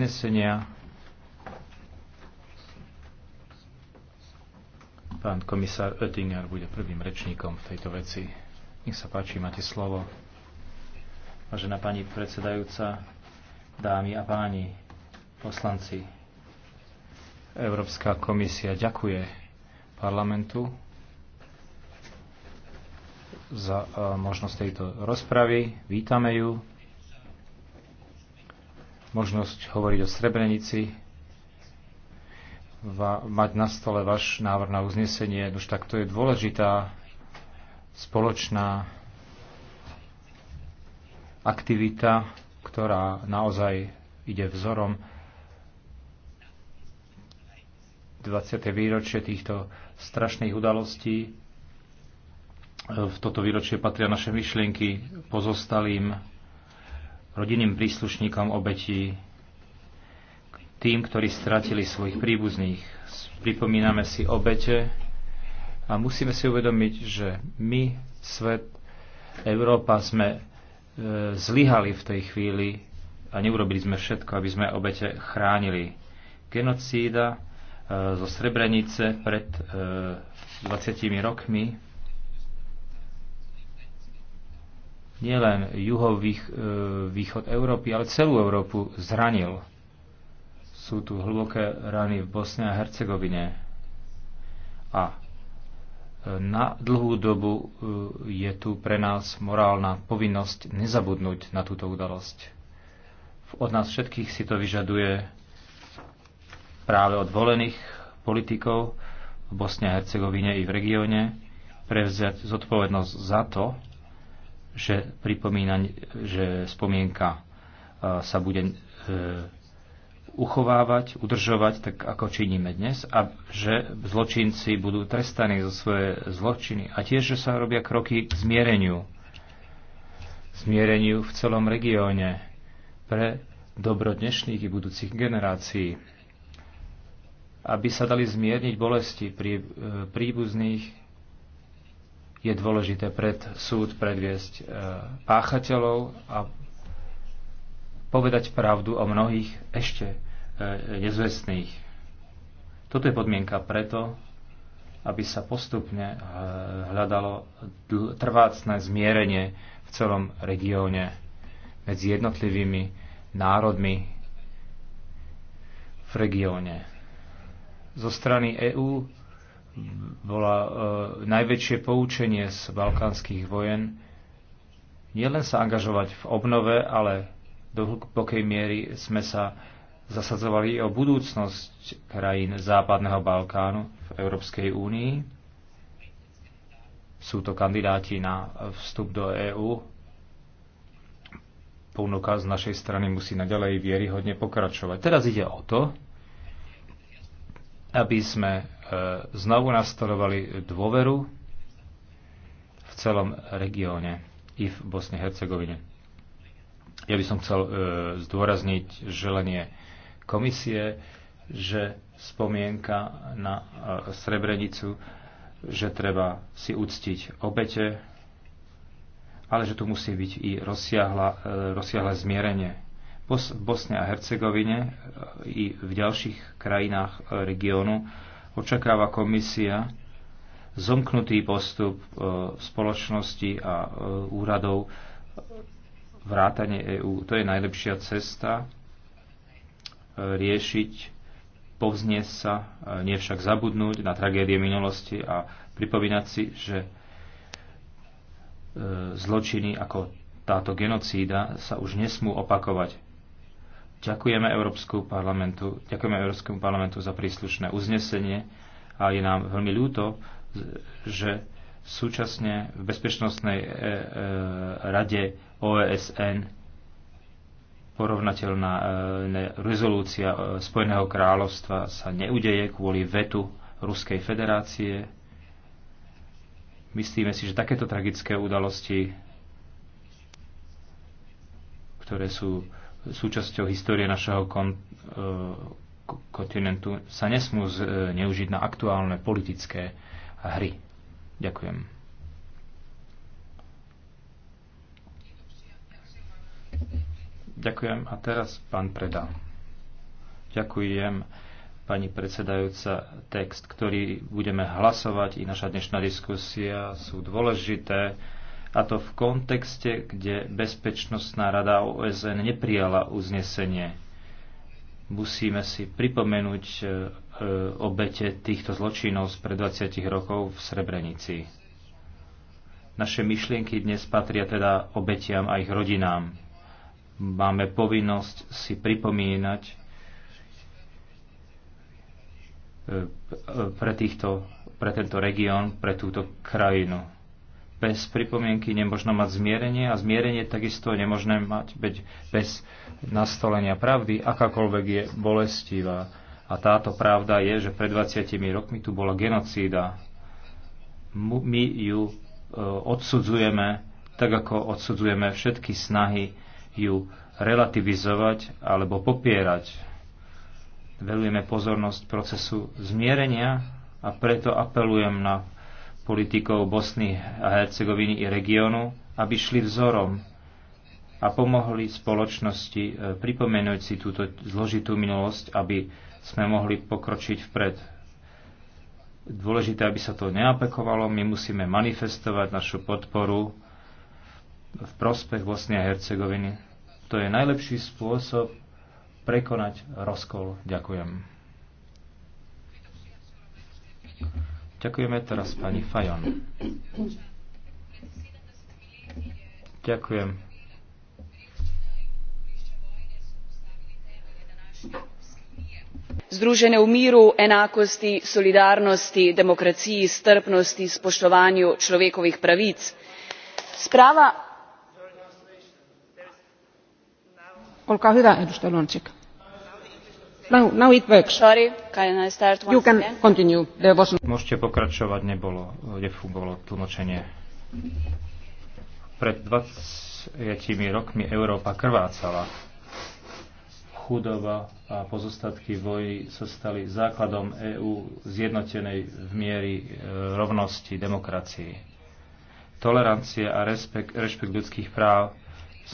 uznesenia. Pán komisár Oettinger bude prvým rečníkom v tejto veci. Nech sa páči, máte slovo. Vážená pani predsedajúca, dámy a páni, poslanci, Európska komisia ďakuje parlamentu za e, možnosť tejto rozpravy. Vítame ju možnosť hovoriť o Srebrenici, va, mať na stole váš návrh na uznesenie. Už tak to je dôležitá spoločná aktivita, ktorá naozaj ide vzorom 20. výročie týchto strašných udalostí. V toto výročie patria naše myšlienky pozostalým rodinným príslušníkom obetí, tým, ktorí stratili svojich príbuzných. Pripomíname si obete a musíme si uvedomiť, že my, svet, Európa sme e, zlyhali v tej chvíli a neurobili sme všetko, aby sme obete chránili. Genocída e, zo Srebrenice pred e, 20 rokmi nielen juhovýchod e, Európy, ale celú Európu zranil. Sú tu hlboké rany v Bosne a Hercegovine. A e, na dlhú dobu e, je tu pre nás morálna povinnosť nezabudnúť na túto udalosť. Od nás všetkých si to vyžaduje práve od volených politikov v Bosne a Hercegovine i v regióne prevziať zodpovednosť za to, že pripomína, že spomienka e, sa bude e, uchovávať, udržovať, tak ako činíme dnes, a že zločinci budú trestaní za svoje zločiny. A tiež, že sa robia kroky k zmiereniu. Zmiereniu v celom regióne pre dobro dnešných i budúcich generácií. Aby sa dali zmierniť bolesti pri e, príbuzných je dôležité pred súd predviesť e, páchateľov a povedať pravdu o mnohých ešte e, nezvestných. Toto je podmienka preto, aby sa postupne e, hľadalo trvácne zmierenie v celom regióne medzi jednotlivými národmi v regióne. Zo strany EÚ bola e, najväčšie poučenie z balkánskych vojen nielen sa angažovať v obnove, ale do hlbokej miery sme sa zasadzovali o budúcnosť krajín Západného Balkánu v Európskej únii. Sú to kandidáti na vstup do EÚ. Ponuka z našej strany musí naďalej vieryhodne pokračovať. Teraz ide o to, aby sme e, znovu nastorovali dôveru v celom regióne i v Bosne-Hercegovine. Ja by som chcel e, zdôrazniť želenie komisie, že spomienka na e, Srebrenicu, že treba si uctiť obete, ale že tu musí byť i rozsiahle zmierenie v Bosne a Hercegovine e, i v ďalších krajinách e, regiónu očakáva komisia zomknutý postup e, spoločnosti a úradov vrátane EÚ. To je najlepšia cesta riešiť, povznieť sa, nevšak zabudnúť na tragédie minulosti a pripomínať si, že zločiny ako táto genocída sa už nesmú opakovať. Ďakujeme Európskemu parlamentu, ďakujeme Európskemu parlamentu za príslušné uznesenie a je nám veľmi ľúto, že súčasne v Bezpečnostnej e, e, rade OSN e porovnateľná rezolúcia Spojeného kráľovstva sa neudeje kvôli vetu Ruskej federácie. Myslíme si, že takéto tragické udalosti, ktoré sú súčasťou histórie našeho kon, e, kontinentu, sa nesmú zneužiť e, na aktuálne politické hry. Ďakujem. Ďakujem. A teraz pán Preda. Ďakujem, pani predsedajúca. Text, ktorý budeme hlasovať i naša dnešná diskusia sú dôležité a to v kontexte, kde Bezpečnostná rada OSN neprijala uznesenie. Musíme si pripomenúť e, e, obete týchto zločinov spred 20 rokov v Srebrenici. Naše myšlienky dnes patria teda obetiam a ich rodinám. Máme povinnosť si pripomínať e, pre, týchto, pre tento región, pre túto krajinu bez pripomienky nemožno mať zmierenie a zmierenie takisto nemožné mať bez nastolenia pravdy, akákoľvek je bolestivá. A táto pravda je, že pred 20 rokmi tu bola genocída. My ju e, odsudzujeme, tak ako odsudzujeme všetky snahy ju relativizovať alebo popierať. Velujeme pozornosť procesu zmierenia a preto apelujem na politikov Bosny a Hercegoviny i regiónu, aby šli vzorom a pomohli spoločnosti e, pripomenúť si túto zložitú minulosť, aby sme mohli pokročiť vpred. Dôležité, aby sa to neapekovalo, my musíme manifestovať našu podporu v prospech Bosny a Hercegoviny. To je najlepší spôsob prekonať rozkol. Ďakujem. Ďakujeme teraz pani Fajon. Ďakujem. združene v miru enakosti solidarnosti demokraciji strpnosti spoštovanju človekovih pravic. sprava No- Môžete pokračovať, nebolo, nefungovalo tlmočenie. Pred dvadsiatimi rokmi Európa krvácala. Chudoba a pozostatky vojny sa stali základom EÚ zjednotenej v miery e, rovnosti demokracii. Tolerancia a respekt, rešpekt ľudských práv,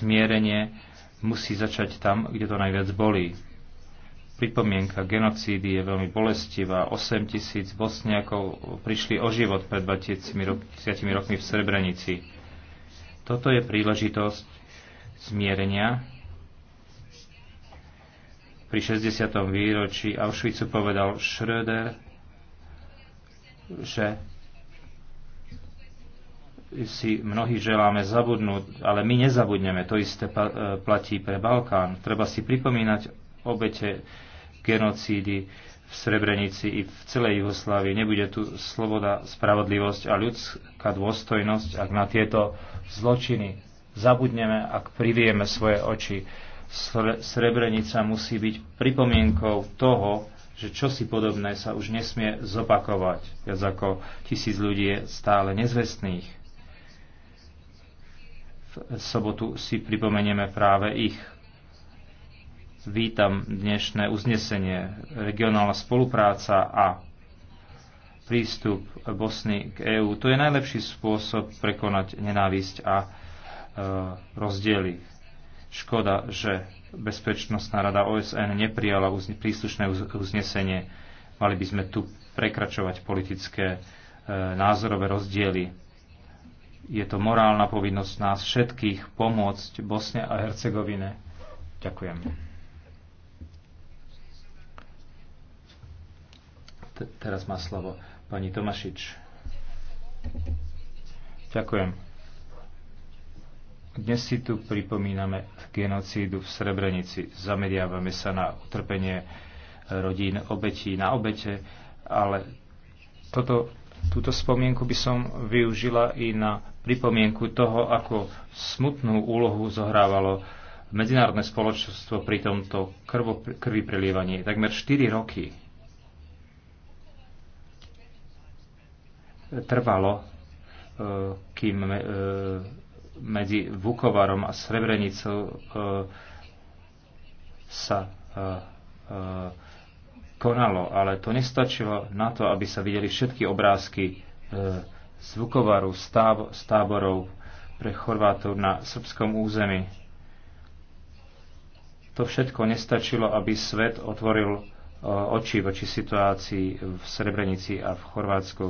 zmierenie musí začať tam, kde to najviac bolí Pripomienka genocídy je veľmi bolestivá. 8 tisíc bosniakov prišli o život pred 20 rokmi v Srebrenici. Toto je príležitosť zmierenia. Pri 60. výročí Auschwitzu povedal Schröder, že si mnohí želáme zabudnúť, ale my nezabudneme. To isté e, platí pre Balkán. Treba si pripomínať obete genocídy v Srebrenici i v celej Jugoslávii. Nebude tu sloboda, spravodlivosť a ľudská dôstojnosť, ak na tieto zločiny zabudneme, ak privieme svoje oči. Srebrenica musí byť pripomienkou toho, že čosi podobné sa už nesmie zopakovať. Viac ako tisíc ľudí je stále nezvestných. V sobotu si pripomenieme práve ich Vítam dnešné uznesenie regionálna spolupráca a prístup Bosny k EÚ. To je najlepší spôsob prekonať nenávisť a e, rozdiely. Škoda, že Bezpečnostná rada OSN neprijala uzne, príslušné uz, uznesenie. Mali by sme tu prekračovať politické e, názorové rozdiely. Je to morálna povinnosť nás všetkých pomôcť Bosne a Hercegovine. Ďakujem. teraz má slovo pani Tomašič. Ďakujem. Dnes si tu pripomíname genocídu v Srebrenici. Zameriavame sa na utrpenie rodín obetí, na obete, ale toto, túto spomienku by som využila i na pripomienku toho, ako smutnú úlohu zohrávalo medzinárodné spoločenstvo pri tomto krvo, krvi prelievaní. Takmer 4 roky trvalo, e, kým e, medzi Vukovarom a Srebrenicou e, sa konalo, ale to nestačilo na to, aby sa videli všetky obrázky z Vukovaru, z táborov pre Chorvátov na srbskom území. To všetko nestačilo, aby svet otvoril oči voči situácii v Srebrenici a v Chorvátsku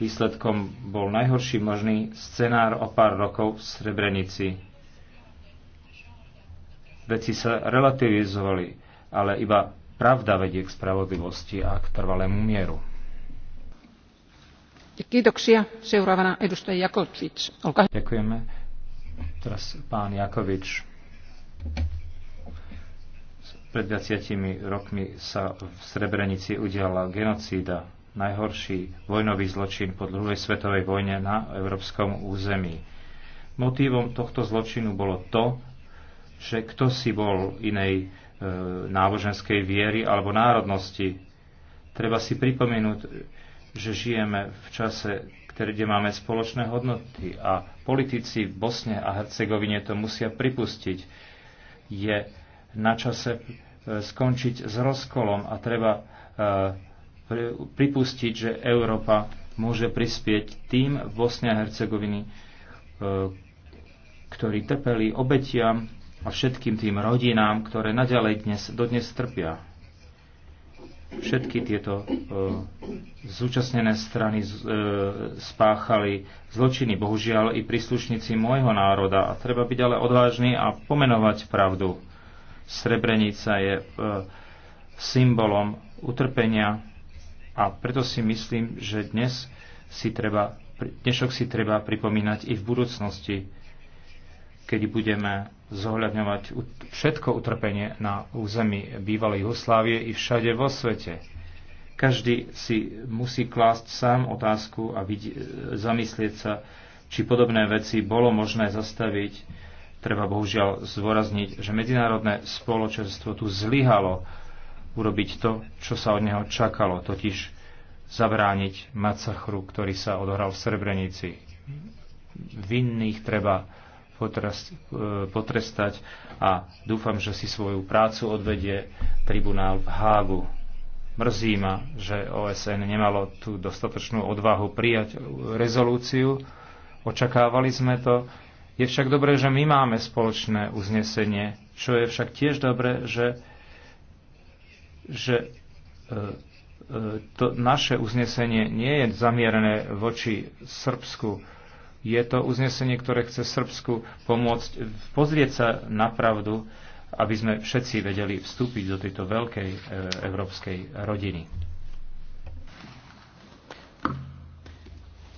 Výsledkom bol najhorší možný scenár o pár rokov v Srebrenici. Veci sa relativizovali, ale iba pravda vedie k spravodlivosti a k trvalému mieru. Ďakujeme. Teraz pán Jakovič. Pred 20 rokmi sa v Srebrenici udiala genocída najhorší vojnový zločin po druhej svetovej vojne na európskom území. Motívom tohto zločinu bolo to, že kto si bol inej e, náboženskej viery alebo národnosti. Treba si pripomenúť, že žijeme v čase, kde máme spoločné hodnoty a politici v Bosne a Hercegovine to musia pripustiť. Je na čase e, skončiť s rozkolom a treba e, pripustiť, že Európa môže prispieť tým v Bosne a Hercegoviny, e, ktorí trpeli obetiam a všetkým tým rodinám, ktoré naďalej dnes, dodnes trpia. Všetky tieto e, zúčastnené strany z, e, spáchali zločiny, bohužiaľ i príslušníci môjho národa. A treba byť ale odvážny a pomenovať pravdu. Srebrenica je e, symbolom utrpenia a preto si myslím, že dnes si treba, dnešok si treba pripomínať i v budúcnosti, keď budeme zohľadňovať všetko utrpenie na území bývalej Jugoslávie i všade vo svete. Každý si musí klásť sám otázku a vidie, zamyslieť sa, či podobné veci bolo možné zastaviť. Treba bohužiaľ zvorazniť, že medzinárodné spoločenstvo tu zlyhalo urobiť to, čo sa od neho čakalo, totiž zabrániť macachru, ktorý sa odohral v Srebrenici. Vinných treba e, potrestať a dúfam, že si svoju prácu odvedie tribunál v Hágu. Mrzí ma, že OSN nemalo tú dostatočnú odvahu prijať rezolúciu. Očakávali sme to. Je však dobré, že my máme spoločné uznesenie, čo je však tiež dobré, že že e, e, to naše uznesenie nie je zamierené voči Srbsku. Je to uznesenie, ktoré chce Srbsku pomôcť pozrieť sa na pravdu, aby sme všetci vedeli vstúpiť do tejto veľkej e, európskej rodiny.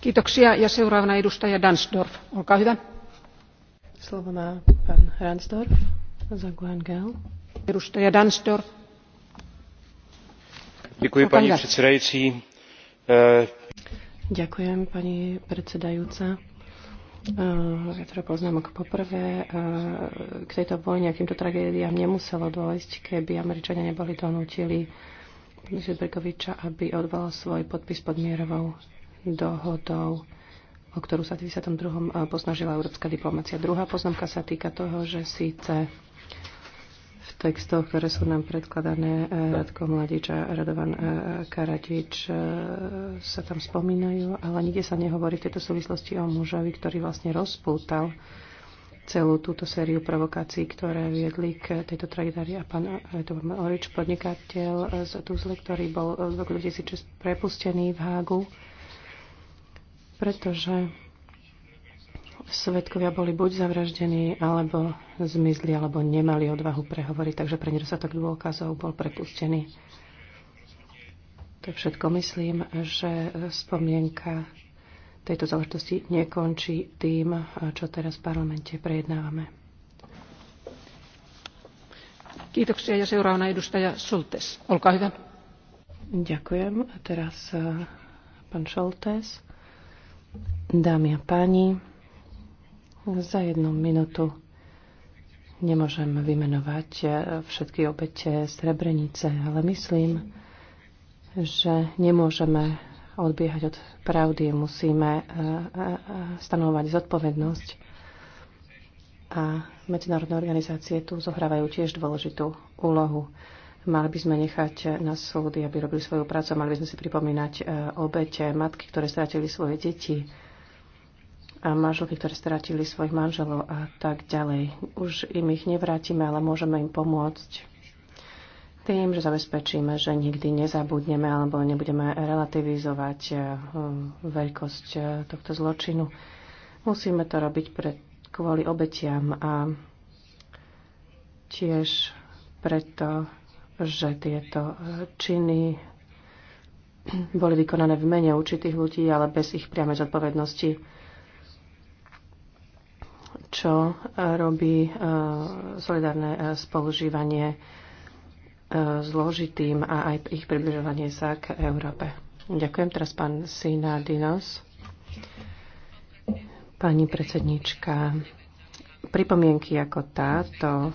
Kiitoksia ja seuraavana edustaja Dansdorf. Olkaa hyvä. Slovo má pán Ransdorf. Edustaja Dansdorf No, e, ďakujem pani predsedajúca viacero e, teda poznámok. Poprvé, e, k tejto vojne a k týmto tragédiám nemuselo dôjsť, keby Američania neboli donútili Brkoviča, aby odvolal svoj podpis pod mierovou dohodou, o ktorú sa v 92. posnažila európska diplomácia. Druhá poznámka sa týka toho, že síce v textoch, ktoré sú nám predkladané, eh, Radko Mladič a Radovan eh, Karadič eh, sa tam spomínajú, ale nikde sa nehovorí v tejto súvislosti o mužovi, ktorý vlastne rozpútal celú túto sériu provokácií, ktoré viedli k tejto tragédii. A pán Orič, podnikateľ z Tuzle, ktorý bol v roku 2006 prepustený v Hágu, pretože svetkovia boli buď zavraždení, alebo zmizli, alebo nemali odvahu prehovoriť, takže pre nedostatok dôkazov bol prepustený. To všetko myslím, že spomienka tejto záležitosti nekončí tým, čo teraz v parlamente prejednávame. Kiitoksia ja seuraavana edustaja Schultes. Olkaa hyvä. Ďakujem. A teraz eh, pán Šoltes. Dámy a páni, za jednu minútu nemôžem vymenovať eh, všetky obete eh, Srebrenice, ale myslím, že nemôžeme odbiehať od pravdy. Musíme eh, stanovať zodpovednosť a medzinárodné organizácie tu zohrávajú tiež dôležitú úlohu. Mali by sme nechať na súdy, aby robili svoju prácu, mali by sme si pripomínať obete, matky, ktoré stratili svoje deti manželky, ktoré stratili svojich manželov a tak ďalej. Už im ich nevrátime, ale môžeme im pomôcť tým, že zabezpečíme, že nikdy nezabudneme alebo nebudeme relativizovať eh, veľkosť eh, tohto zločinu. Musíme to robiť pre, kvôli obetiam a tiež preto, že tieto eh, činy boli vykonané v mene určitých ľudí, ale bez ich priamej zodpovednosti čo e, robí e, solidárne e, spolužívanie zložitým a aj ich približovanie sa k Európe. Ďakujem teraz pán Sina Dinos. Pani predsednička, pripomienky ako táto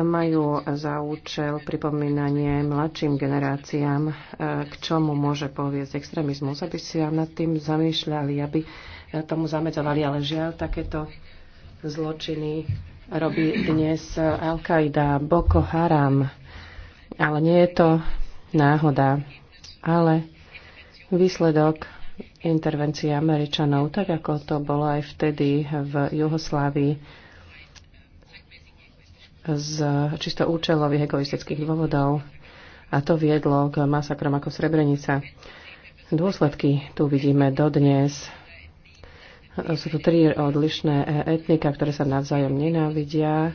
majú za účel pripomínanie mladším generáciám, k čomu môže poviesť extrémizmus, aby si nad tým zamýšľali, aby tomu zamedzovali. Ale žiaľ, takéto zločiny robí dnes Al-Qaida, Boko Haram. Ale nie je to náhoda, ale výsledok intervencie Američanov, tak ako to bolo aj vtedy v Juhoslávii z čisto účelových egoistických dôvodov. A to viedlo k masakrom ako Srebrenica. Dôsledky tu vidíme dodnes sú tu tri odlišné e, etnika, ktoré sa navzájom nenávidia.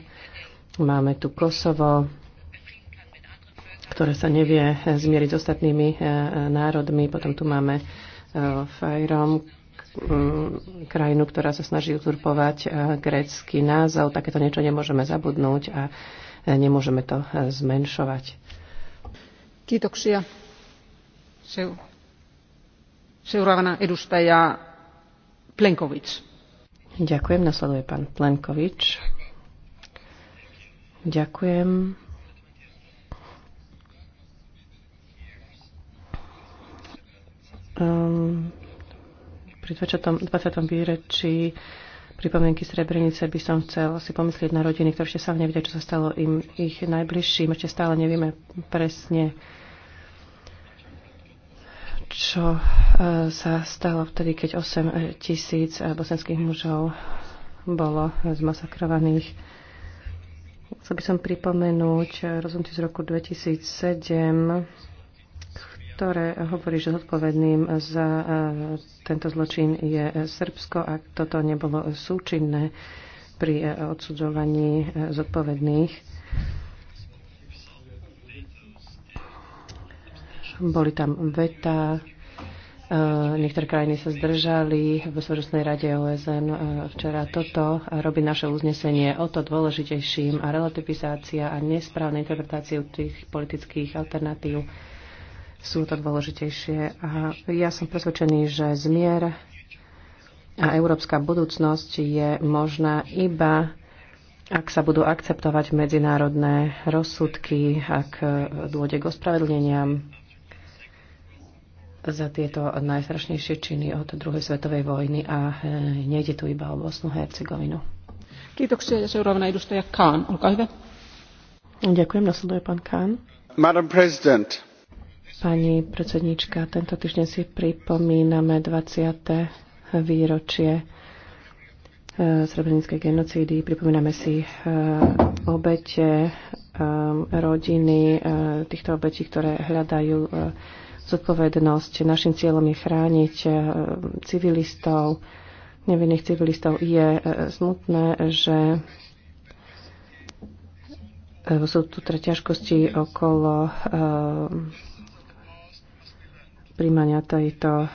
Máme tu Kosovo, ktoré sa nevie zmieriť s ostatnými e, národmi. Potom tu máme e, Fajrom, mm, krajinu, ktorá sa snaží uzurpovať grécky názov. Takéto niečo nemôžeme zabudnúť a nemôžeme to zmenšovať. Kiitoksia. Seuraavana edustaja Plenkovič. Ďakujem. Nasleduje pán Plenkovič. Ďakujem. Um, pri 20. 20. výročí pripomienky Srebrenice by som chcel si pomyslieť na rodiny, ktoré ešte sa nevedia, čo sa stalo im ich najbližším. Ešte stále nevieme presne, čo e, sa stalo vtedy, keď 8 e, tisíc e, bosenských mužov bolo zmasakrovaných. Chcel by som pripomenúť rozhodnutie z roku 2007, ktoré hovorí, že zodpovedným za tento zločin je Srbsko, a toto nebolo súčinné pri odsudzovaní zodpovedných. Boli tam veta, eh, Niektoré krajiny sa zdržali v Bezpečnostnej rade OSN eh, včera. Toto robí naše uznesenie o to dôležitejším a relativizácia a nesprávne interpretácia tých politických alternatív sú to dôležitejšie. A ja som presvedčený, že zmier a európska budúcnosť je možná iba ak sa budú akceptovať medzinárodné rozsudky, ak dôjde k ospravedlneniam za tieto najstrašnejšie činy od druhej svetovej vojny a e, nejde tu iba o Bosnu Hercegovinu. Kiitoksia ja seuraavana edustaja Kahn, olkaa hyvä. Ďakujem, nasleduje pán Kahn. Madam President. Pani predsednička, tento týždeň si pripomíname 20. výročie e, srebrenickej genocídy. Pripomíname si e, obete, e, rodiny e, týchto obetí, ktoré hľadajú e, zodpovednosť. Našim cieľom je chrániť eh, civilistov, nevinných civilistov. Je eh, smutné, že eh, sú tu teda ťažkosti okolo príjmania tejto,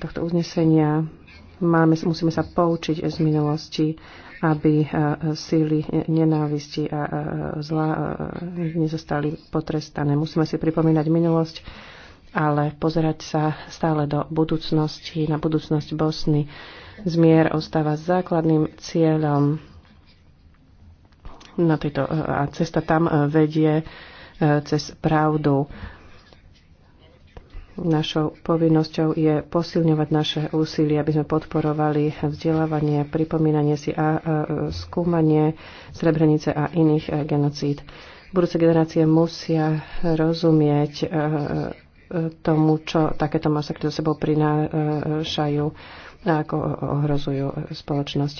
tohto uznesenia. Máme, musíme sa poučiť z minulosti, aby síly nenávisti a zla nezostali potrestané. Musíme si pripomínať minulosť ale pozerať sa stále do budúcnosti, na budúcnosť Bosny. Zmier ostáva základným cieľom na tejto, e, a cesta tam e, vedie e, cez pravdu. Našou povinnosťou je posilňovať naše úsilie, aby sme podporovali vzdelávanie, pripomínanie si a skúmanie Srebrenice a iných genocíd. Budúce generácie musia rozumieť tomu, čo takéto masakry so sebou prinášajú a ako ohrozujú spoločnosť.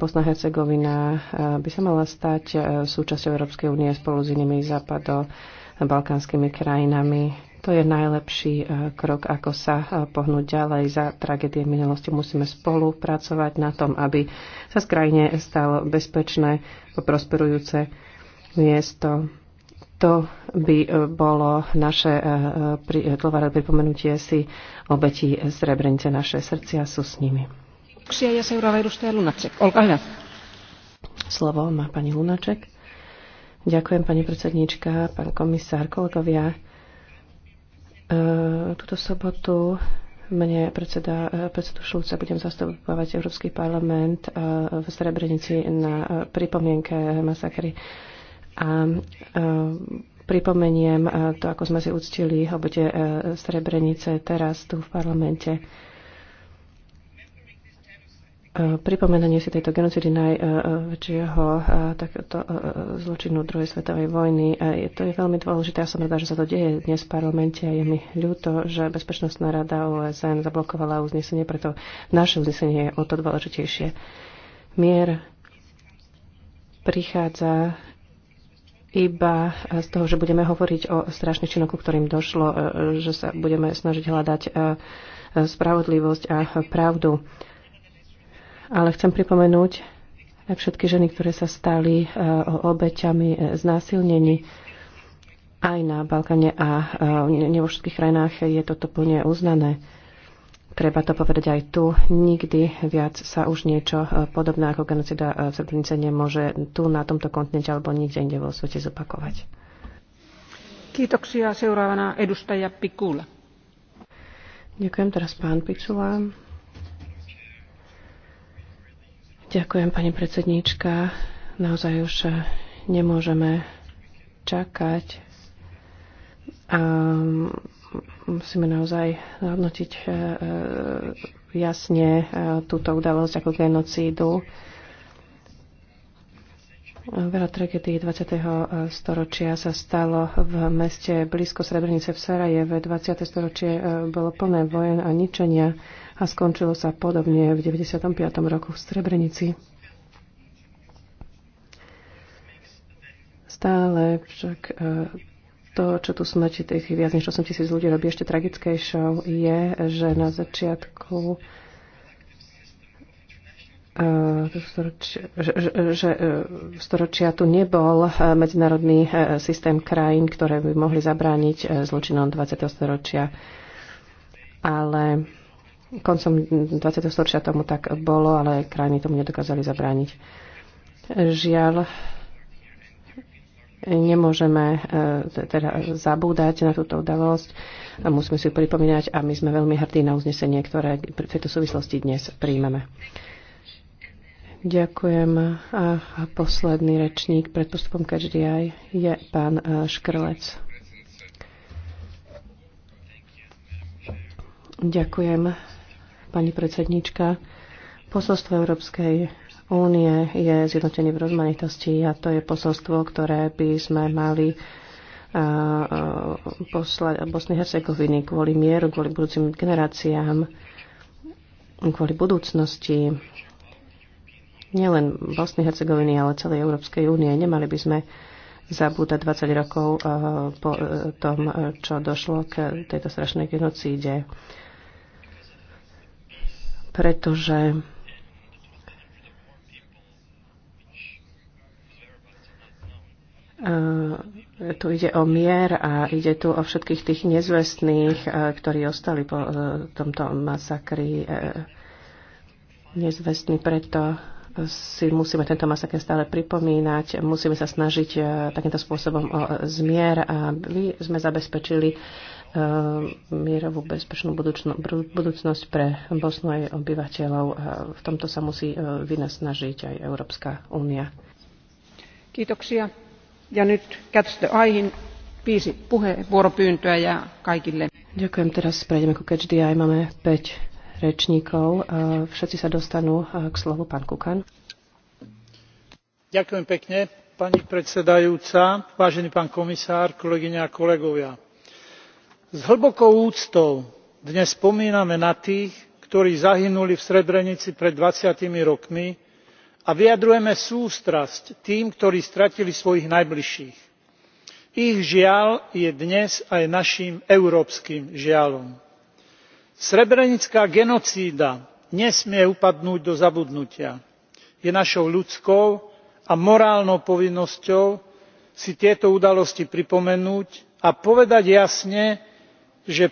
Bosna Hercegovina eh, by sa mala stať eh, súčasťou Európskej únie spolu s inými západo-balkánskymi krajinami. To je najlepší eh, krok, ako sa pohnúť ďalej za tragédie minulosti. Musíme spolupracovať na tom, aby sa z krajine stalo bezpečné, prosperujúce miesto to by e, bolo naše tlvaré e, e, pripomenutie si obetí Srebrenice. Naše srdcia sú s nimi. Slovo má pani Lunaček. Ďakujem, pani predsedníčka, pán komisár, kolegovia. Tuto sobotu mne predseda, predsedu Šulca budem zastupovať Európsky parlament v Srebrenici na pripomienke masakry a e, pripomeniem e, to, ako sme si uctili obete e, Srebrenice teraz tu v parlamente. Pripomenanie si tejto genocidy najväčšieho e, zločinu druhej svetovej vojny. je To je veľmi dôležité. Ja som rada, že sa to deje dnes v parlamente a je mi ľúto, že Bezpečnostná rada OSN zablokovala uznesenie, preto naše uznesenie je o to dôležitejšie. Mier prichádza iba z toho, že budeme hovoriť o strašných činoch, ktorým došlo, e, že sa budeme snažiť hľadať e, spravodlivosť a pravdu. Ale chcem pripomenúť aj všetky ženy, ktoré sa stali e, obeťami znásilnení aj na Balkáne a v vo všetkých krajinách je toto plne uznané. Treba to povedať aj tu. Nikdy viac sa už niečo e, podobné ako genocida e, v Srebrenice nemôže tu na tomto kontinente alebo nikde inde vo svete zopakovať. Kiitoksia. Seuraavana edustaja Pikula. Ďakujem teraz pán Pikula. Ďakujem pani predsedníčka. Naozaj už e, nemôžeme čakať. Um, musíme naozaj hodnotiť e, e, jasne e, túto udalosť ako genocídu. Veľa tragédií 20. storočia sa stalo v meste blízko Srebrenice v Sarajeve. 20. storočie bolo plné vojen a ničenia a skončilo sa podobne v 95. roku v Srebrenici. Stále však to, čo tu smrti tých viac než 8 tisíc ľudí robí ešte tragickejšou, je, že na začiatku e, že, e, v storočia tu nebol e, medzinárodný systém krajín, ktoré by mohli zabrániť zločinom 20. storočia. Ale koncom 20. storočia tomu tak bolo, ale krajiny tomu nedokázali zabrániť. Žiaľ, nemôžeme e, teda zabúdať na túto udalosť. Musíme si ju pripomínať a my sme veľmi hrdí na uznesenie, ktoré v tejto súvislosti dnes príjmeme. Ďakujem. A posledný rečník pred postupom aj je pán e, Škrlec. Ďakujem, pani predsednička. Posolstvo Európskej únie je zjednotenie v rozmanitosti a to je posolstvo, ktoré by sme mali poslať Bosne Hercegoviny kvôli mieru, kvôli budúcim generáciám, kvôli budúcnosti nielen Bosny Hercegoviny, ale celej Európskej únie. Nemali by sme zabúdať 20 rokov po e, tom, e, čo došlo k tejto strašnej genocíde. Pretože E, tu ide o mier a ide tu o všetkých tých nezvestných, e, ktorí ostali po e, tomto masakri nezvestní. Preto si musíme tento masaker stále pripomínať. Musíme sa snažiť takýmto spôsobom o zmier a my sme zabezpečili mierovú bezpečnú budúcnosť pre Bosnu aj obyvateľov. V tomto sa musí vynasnažiť aj Európska únia. Kiitoksia. Ďakujem, teraz prejdeme ku catch the eye. Máme 5 rečníkov. Všetci sa dostanú k slovu. Pán Kukan. Ďakujem pekne, pani predsedajúca, vážený pán komisár, kolegyne a kolegovia. S hlbokou úctou dnes spomíname na tých, ktorí zahynuli v Srebrenici pred 20 rokmi a vyjadrujeme sústrasť tým ktorí stratili svojich najbližších. ich žiaľ je dnes aj naším európskym žiaľom. srebrenická genocída nesmie upadnúť do zabudnutia. je našou ľudskou a morálnou povinnosťou si tieto udalosti pripomenúť a povedať jasne že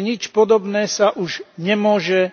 nič podobné sa už nemôže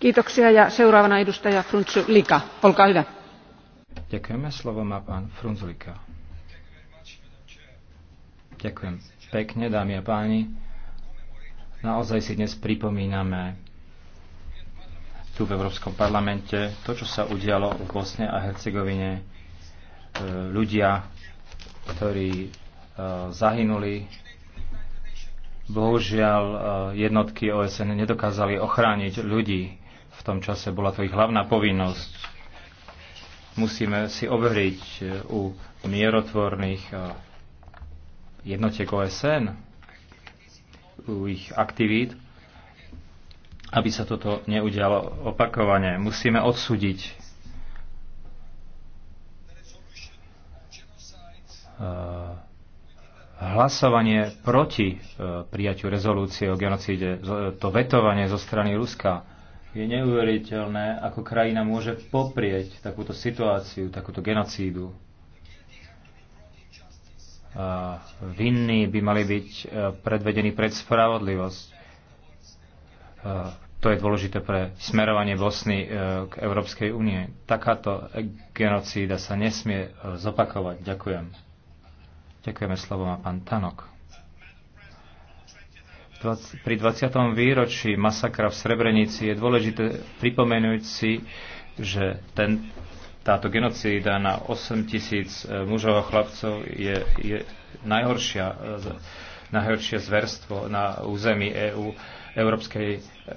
Ďakujeme. Slovo má pán Frunzulika. Ďakujem pekne, dámy a páni. Naozaj si dnes pripomíname tu v Európskom parlamente to, čo sa udialo v Bosne a Hercegovine. E, ľudia, ktorí e, zahynuli, bohužiaľ e, jednotky OSN nedokázali ochrániť ľudí v tom čase. Bola to ich hlavná povinnosť. Musíme si overiť e, u mierotvorných e, jednotiek OSN, u ich aktivít, aby sa toto neudialo opakovane. Musíme odsúdiť e, hlasovanie proti prijaťu rezolúcie o genocíde, to vetovanie zo strany Ruska, je neuveriteľné, ako krajina môže poprieť takúto situáciu, takúto genocídu. vinní by mali byť e, predvedení pred spravodlivosť. E, to je dôležité pre smerovanie Bosny e, k Európskej únie. Takáto genocída sa nesmie zopakovať. Ďakujem. Ďakujeme slovo má pán Tanok pri 20. výročí masakra v Srebrenici je dôležité pripomenúť si, že ten, táto genocída na 8 tisíc e, mužov a chlapcov je, je najhoršia, e, najhoršie zverstvo na území EU, Európskej, e,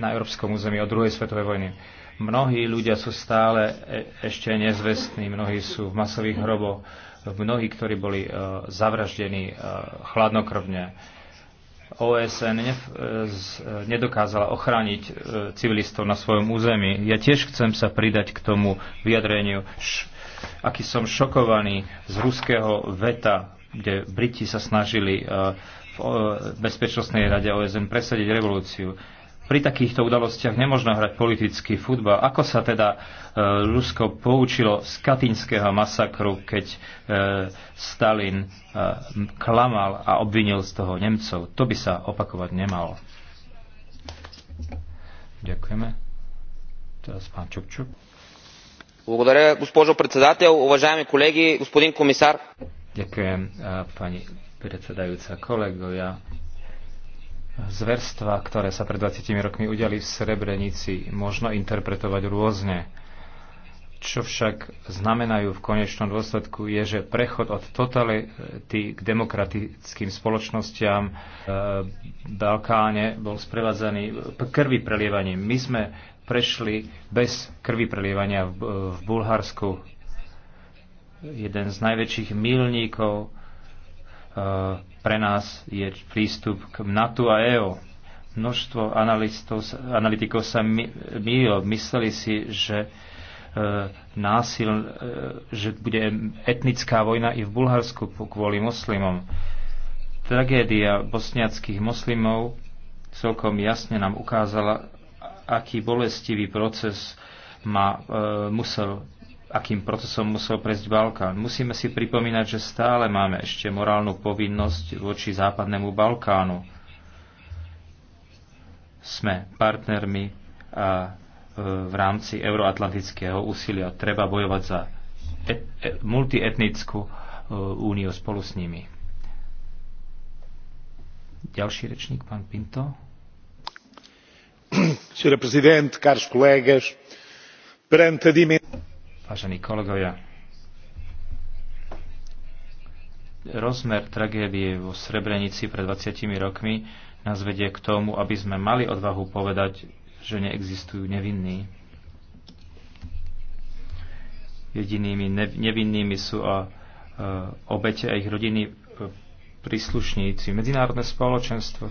na európskom území od druhej svetovej vojny. Mnohí ľudia sú stále ešte nezvestní, mnohí sú v masových hroboch, mnohí, ktorí boli zavraždení chladnokrvne OSN e, e, nedokázala ochrániť e, civilistov na svojom území. Ja tiež chcem sa pridať k tomu vyjadreniu, aký som šokovaný z ruského veta, kde Briti sa snažili v Bezpečnostnej rade OSN presadiť revolúciu pri takýchto udalostiach nemožno hrať politický futbal. Ako sa teda e, Rusko poučilo z katinského masakru, keď e, Stalin e, klamal a obvinil z toho Nemcov? To by sa opakovať nemalo. Ďakujeme. Teraz pán Čupčup. Благодаря, госпожо председател, уважаеми колеги, господин комисар. Ďakujem, pani predsedajúca, kolegovia Zverstva, ktoré sa pred 20 rokmi udiali v Srebrenici, možno interpretovať rôzne. Čo však znamenajú v konečnom dôsledku je, že prechod od totality k demokratickým spoločnostiam e, v Balkáne bol sprevádzaný krvi prelievaním. My sme prešli bez krvi prelievania v Bulharsku. Jeden z najväčších milníkov Eh, pre nás je prístup k NATO a EO. Množstvo analytikov sa mýlilo. Mysleli si, že eh, násil, eh, že bude etnická vojna i v Bulharsku kvôli moslimom. Tragédia bosniackých moslimov celkom jasne nám ukázala, aký bolestivý proces má musel akým procesom musel prejsť Balkán. Musíme si pripomínať, že stále máme ešte morálnu povinnosť voči západnému Balkánu. Sme partnermi a e, v rámci euroatlantického úsilia treba bojovať za et, et, multietnickú e, úniu spolu s nimi. Ďalší rečník, pán Pinto. Senhor Presidente, caros colegas, perante a vážení kolegovia. Rozmer tragédie vo Srebrenici pred 20 rokmi nás vedie k tomu, aby sme mali odvahu povedať, že neexistujú nevinní. Jedinými nevinnými sú a e, obete a ich rodiny e, príslušníci. Medzinárodné spoločenstvo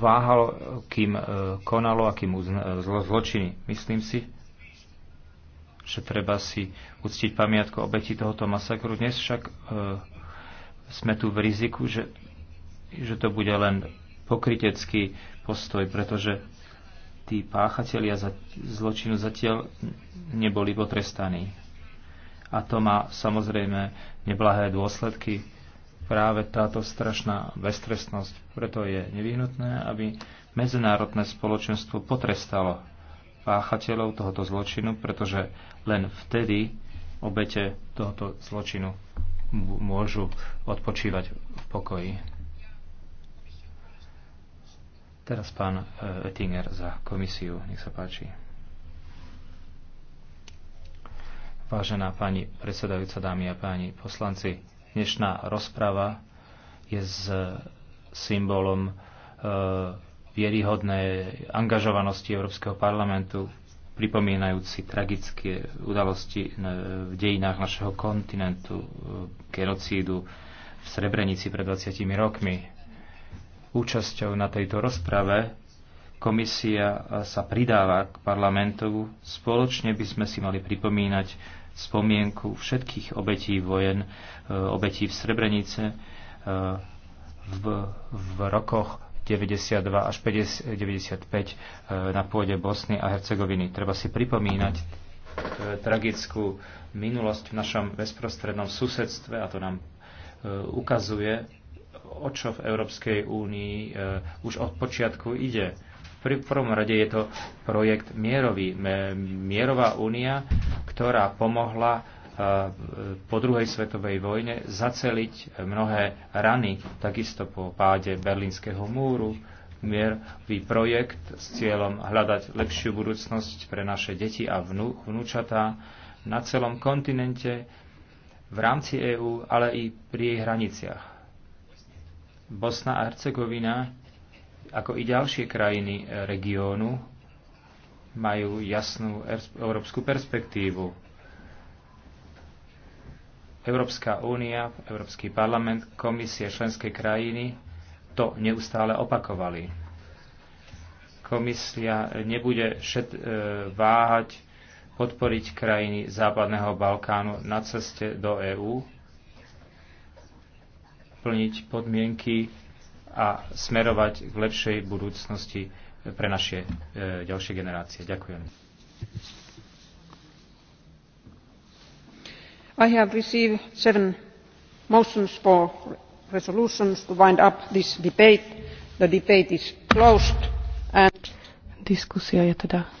váhalo, kým e, konalo a kým uzna, e, zločiny. Myslím si, že treba si uctiť pamiatku obeti tohoto masakru. Dnes však e, sme tu v riziku, že, že to bude len pokritecký postoj, pretože tí páchatelia za, zločinu zatiaľ neboli potrestaní. A to má samozrejme neblahé dôsledky práve táto strašná beztrestnosť. Preto je nevyhnutné, aby medzinárodné spoločenstvo potrestalo páchateľov tohoto zločinu, pretože len vtedy obete tohoto zločinu môžu odpočívať v pokoji. Teraz pán e, Ettinger za komisiu. Nech sa páči. Vážená pani predsedajúca, dámy a páni poslanci, Dnešná rozprava je s symbolom e, vieryhodnej angažovanosti Európskeho parlamentu, pripomínajúci tragické udalosti v dejinách našeho kontinentu, e, genocídu v Srebrenici pred 20 rokmi. Účasťou na tejto rozprave komisia sa pridáva k parlamentu. Spoločne by sme si mali pripomínať spomienku všetkých obetí vojen, e, obetí v Srebrenice e, v, v rokoch 92 až 50, 95 e, na pôde Bosny a Hercegoviny. Treba si pripomínať tragickú minulosť v našom bezprostrednom susedstve a to nám ukazuje, o čo v Európskej únii už od počiatku ide v prvom rade je to projekt mierový, mierová únia, ktorá pomohla e, po druhej svetovej vojne zaceliť mnohé rany, takisto po páde Berlínskeho múru, mierový projekt s cieľom hľadať lepšiu budúcnosť pre naše deti a vnú, vnúčatá na celom kontinente, v rámci EÚ, ale i pri jej hraniciach. Bosna a Hercegovina ako i ďalšie krajiny e, regiónu, majú jasnú európsku perspektívu. Európska únia, Európsky parlament, komisie, členské krajiny to neustále opakovali. Komisia nebude šet, e, váhať podporiť krajiny Západného Balkánu na ceste do EÚ, plniť podmienky a smerovať k lepšej budúcnosti pre naše e, ďalšie generácie. Ďakujem. I have received seven motions for resolutions to wind up this debate. The debate is closed and... Diskusia je teda